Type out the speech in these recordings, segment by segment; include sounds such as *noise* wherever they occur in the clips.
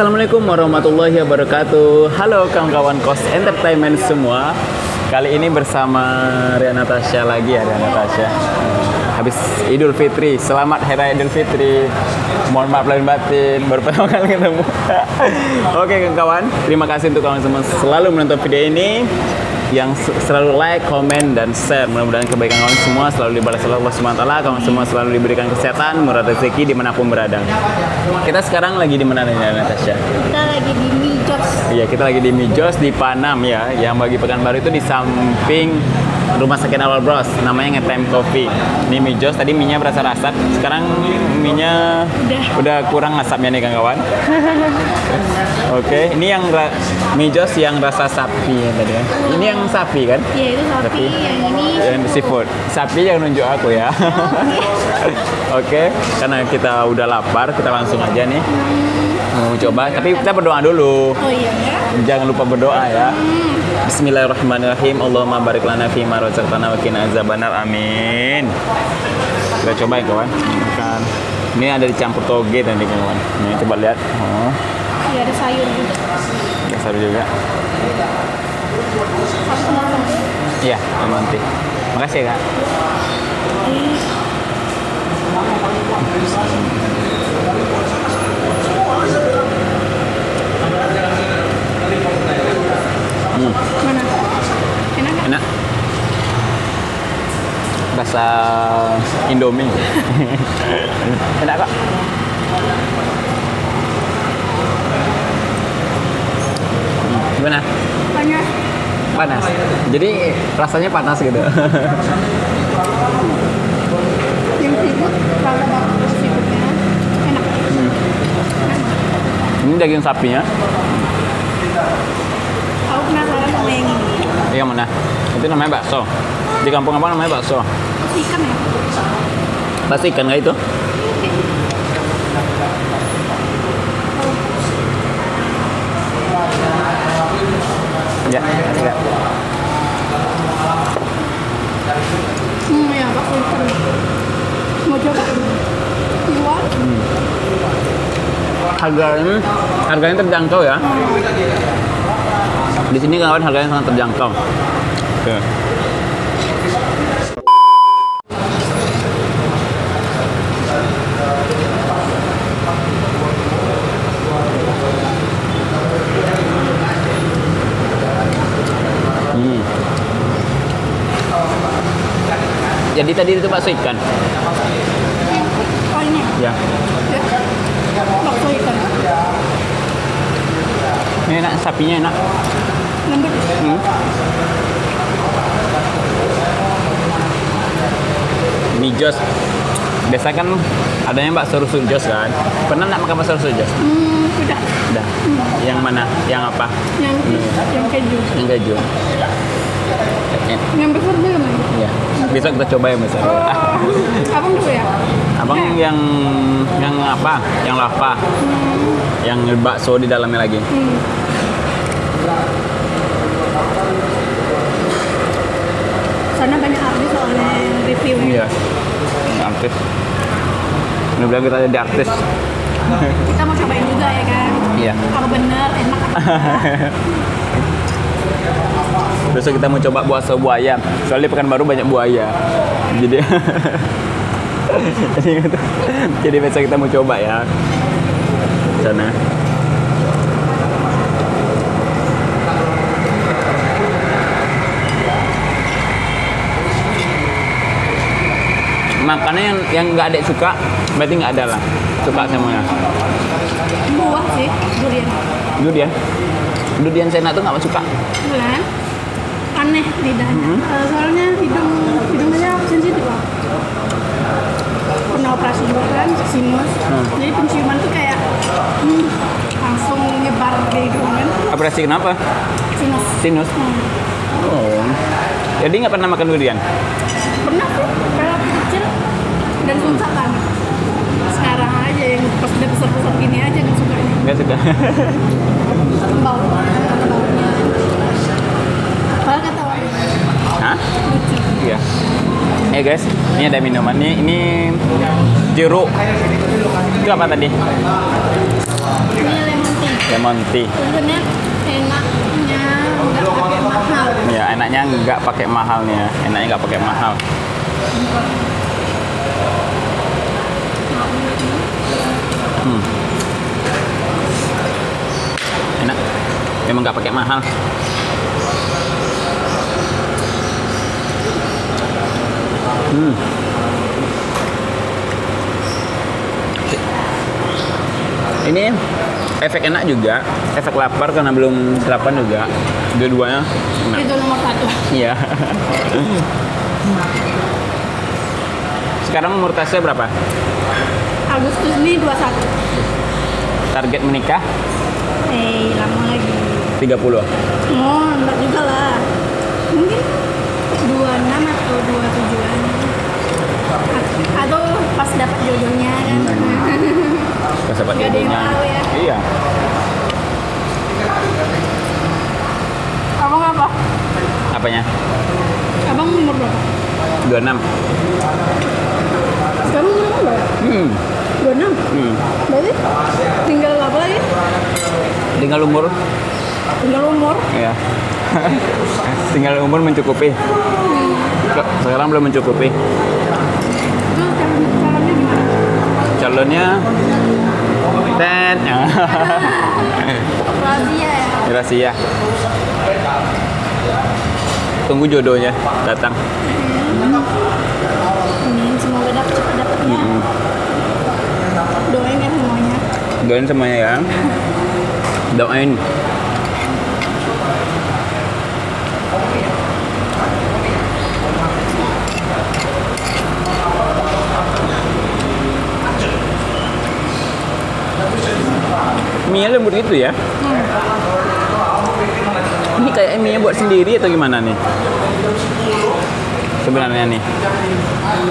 Assalamualaikum warahmatullahi wabarakatuh. Halo kawan-kawan Kos Entertainment semua. Kali ini bersama Ria Natasha lagi ya, Ria Natasha. Habis Idul Fitri, selamat Hari Idul Fitri. Mohon maaf lahir batin, baru pertama kali ketemu. *laughs* Oke kawan, kawan terima kasih untuk kawan semua selalu menonton video ini yang selalu like, komen, dan share. Mudah-mudahan kebaikan kalian semua selalu dibalas oleh Allah SWT. Kalian semua selalu diberikan kesehatan, murah rezeki dimanapun berada. Kita sekarang lagi di mana nih Natasha? Iya, kita lagi di Mijos di Panam ya, yang bagi pekan baru itu di samping Rumah Sakit Awal Bros, namanya Ngetem kopi Ini Mijos, tadi minyak berasa rasa sekarang minyak udah, udah kurang asapnya nih kawan-kawan. *laughs* Oke, okay. ini yang Mijos yang rasa sapi ya tadi ya. Ini yang sapi kan? Iya, itu sapi, sapi. yang ini yang seafood. Sapi yang nunjuk aku ya. Oh, oke, *laughs* okay. karena kita udah lapar, kita langsung aja nih. Hmm mau coba tapi kita berdoa dulu oh iya ya. jangan lupa berdoa ya hmm. Bismillahirrahmanirrahim Allahumma barik lana fi ma razaqtana wa qina azabannar amin kita coba ya kawan Makan. ini ada dicampur toge tadi kawan ini coba lihat oh. iya ada sayur juga ada sayur juga Iya, nanti. Makasih ya, Kak. Hmm. rasa Indomie. *laughs* Enak kok. Gimana? Panas. Panas. Jadi rasanya panas gitu. *laughs* Yang seafood kalau hmm. Ini daging sapinya. Aku penasaran sama yang ini. Yang mana? Itu namanya bakso. Di kampung apa namanya bakso? bakso ikan ya bakso ikan nggak itu Ya, enggak. Hmm, ya, bakso ikan. Mau coba? Luar? Hmm. Harganya, harganya terjangkau ya. Hmm. Di sini kawan harganya sangat terjangkau. Oke. Okay. Jadi tadi itu bakso ikan. Oh ini. Ya. Bakso ikan. Ini enak, sapinya enak. Lembut. Hmm. Ini jos. Biasa kan adanya bakso rusun jos kan. Pernah nak makan bakso rusun jos? Hmm, sudah. Sudah. Hmm. Yang mana? Yang apa? Yang hmm. yang keju. Yang keju. Yang besar belum? Iya besok kita coba ya mas oh, abang dulu ya abang yeah. yang yang apa yang lava hmm. yang bakso di dalamnya lagi hmm. sana banyak artis soalnya review ya. iya artis ini bilang kita jadi artis kita mau cobain juga ya kan iya kalau bener enak *laughs* besok kita mau coba sebuah buaya soalnya pekan baru banyak buaya *laughs* jadi jadi besok kita mau coba ya sana makannya yang yang nggak adek suka berarti nggak ada lah suka semuanya buah sih durian durian durian saya tuh nggak suka durian aneh lidahnya mm -hmm. Eh, soalnya hidung hidungnya sensitif lah pernah operasi juga kan sinus hmm. jadi penciuman tuh kayak hmm, langsung nyebar di hidung kan operasi kenapa sinus sinus hmm. oh jadi nggak pernah makan durian pernah tuh kalau kecil dan susah kan sekarang aja yang pas udah besar besar gini aja kan nggak suka nggak suka bau Iya. Ya Eh guys, ini ada minuman nih, Ini jeruk. Itu apa tadi? Ini lemon tea. Lemon tea. Sebenarnya enaknya enggak pakai mahal. Ya, enaknya nggak pakai mahal nih ya. Enaknya nggak pakai mahal. Hmm. Enak. Memang nggak pakai mahal. Hmm. Ini efek enak juga, efek lapar karena belum sarapan juga. Dua-duanya. Enak. Itu nomor satu. Iya. Sekarang umur tesnya berapa? Agustus ini 21. Target menikah? Eh, hey, lama lagi. 30? Oh, enggak juga lah. Mungkin 26 atau 27 an atau pas dapat jodohnya kan hmm. pas dapat jodohnya ya. iya abang apa apanya abang umur berapa 26 sekarang umur berapa hmm 26 hmm. berarti tinggal apa lagi tinggal umur tinggal umur iya *laughs* tinggal umur mencukupi hmm. sekarang belum mencukupi balonnya ten, rahasia ya tunggu jodohnya datang hmm, ya. hmm. doain ya semuanya doain semuanya ya *laughs* doain mie lembut gitu ya hmm. ini kayak mie buat sendiri atau gimana nih sebenarnya nih hmm.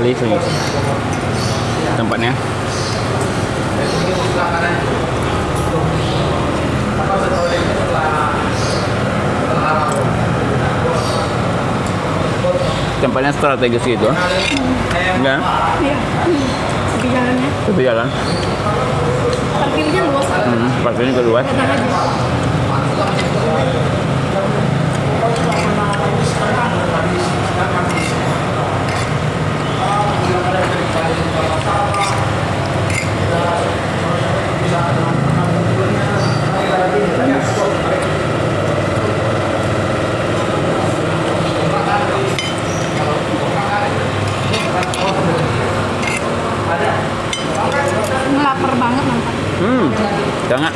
sekali sih tempatnya tempatnya strategis gitu enggak iya satu jalan ya satu jalan parkirnya luas hmm, parkirnya juga luas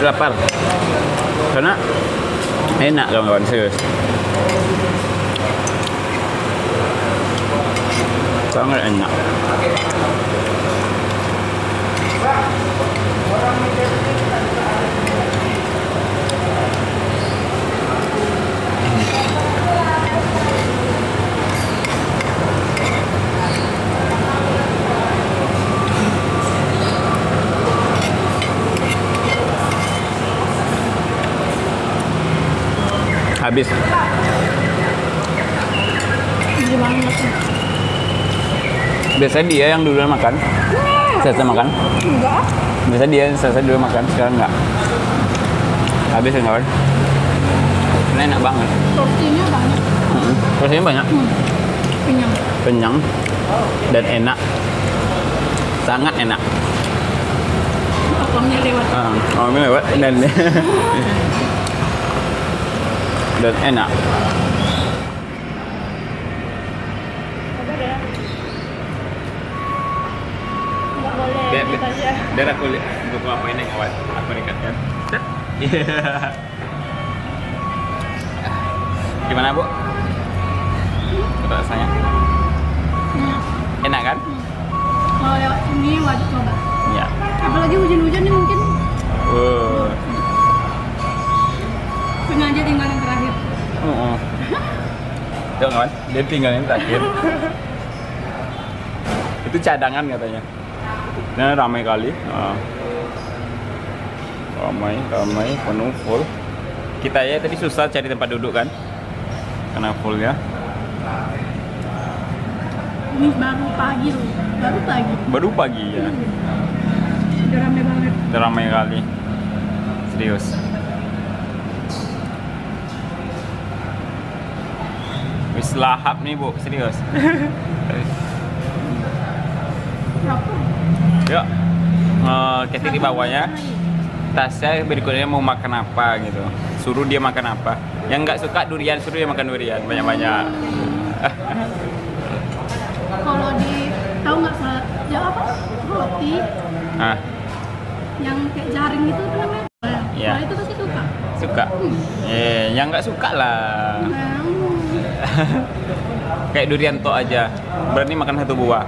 lapar karena enak kawan-kawan serius sangat enak habis biasanya dia yang duluan makan selesai makan enggak biasanya dia yang selesai duluan makan sekarang enggak habis enggak, ya, kan ini enak banget Porsinya banyak hmm. tortinya banyak hmm. kenyang kenyang dan enak sangat enak Omnya lewat. Ah, omnya lewat dan *laughs* dan enak. Dan, dan aku buku apa ini kawan. aku nikahkan. *laughs* Gimana bu? Rasanya? Enak kan? Kalau lewat sini wajib coba. Ya. Apalagi hujan-hujan nih mungkin Jangan, dia tinggalin terakhir Itu cadangan katanya. ini nah, ramai kali. Nah. Ramai, ramai, penuh, full. Kita ya tadi susah cari tempat duduk kan? Karena full ya. Ini baru pagi loh, baru pagi. Baru pagi ya. Hmm. Udah ramai banget. Udah ramai kali. Serius. lahap nih bu serius yuk kita ketik di bawahnya tasnya berikutnya mau makan apa gitu suruh dia makan apa yang nggak suka durian suruh dia makan durian banyak-banyak *laughs* kalau di tahu nggak salah ya apa roti ah. yang kayak jaring gitu namanya ya. Nah, itu pasti suka suka hmm. eh yang nggak suka lah nah. *laughs* kayak durian to aja berani makan satu buah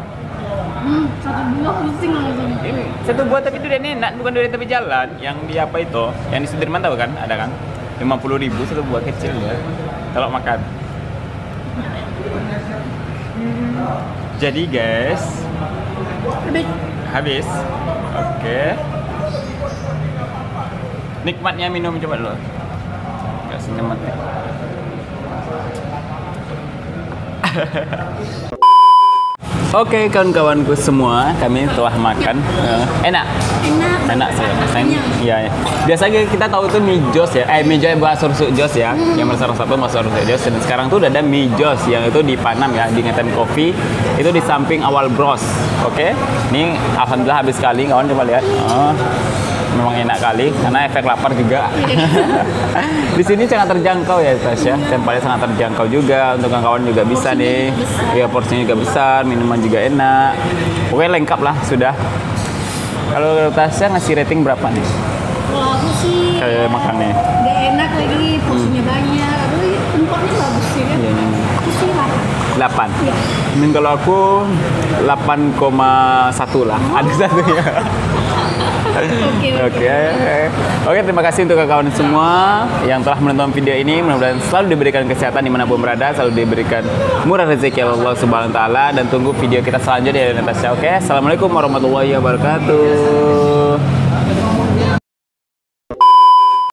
hmm, satu buah pusing langsung ini satu buah tapi durian enak bukan durian tapi jalan yang di apa itu yang di Sudirman tahu kan ada kan lima puluh ribu satu buah kecil ya kalau makan jadi guys habis habis oke okay. nikmatnya minum coba dulu nggak mati *laughs* Oke okay, kawan-kawanku semua, kami telah makan. Uh, enak. Enak. Enak sih. Iya. Ya. Biasanya kita tahu itu mie jos ya. Eh mie jos bahasa susu jos ya. Hmm. Yang besar satu masuk susu jos. Dan sekarang tuh udah ada mie jos yang itu di Panam ya, di Ngeten kopi Itu di samping awal bros. Oke. Okay? Ini alhamdulillah habis sekali kawan coba lihat. Uh memang enak kali karena efek lapar juga. *laughs* di sini sangat terjangkau ya Tasya. Tempatnya sangat terjangkau juga untuk kawan-kawan juga bisa porsinya nih. Besar. Ya porsinya juga besar, minuman juga enak. Oke lengkap lah sudah. Kalau Tasya ngasih rating berapa nih? Kalau aku sih kayak ya, makannya. Gak enak lagi, porsinya hmm. banyak. Aduh, tempatnya iya, bagus sih kan. Ya. Aku sih 8. Ya. Dan kalau aku 8,1 lah. Oh. Ada satu ya. *laughs* Oke. Eh, eh. Oke. terima kasih untuk kawan-kawan semua yang telah menonton video ini. Mudah-mudahan selalu diberikan kesehatan dimanapun berada, selalu diberikan murah rezeki Allah Subhanahu wa taala dan tunggu video kita selanjutnya dari Natasha. Oke, Assalamualaikum warahmatullahi wabarakatuh.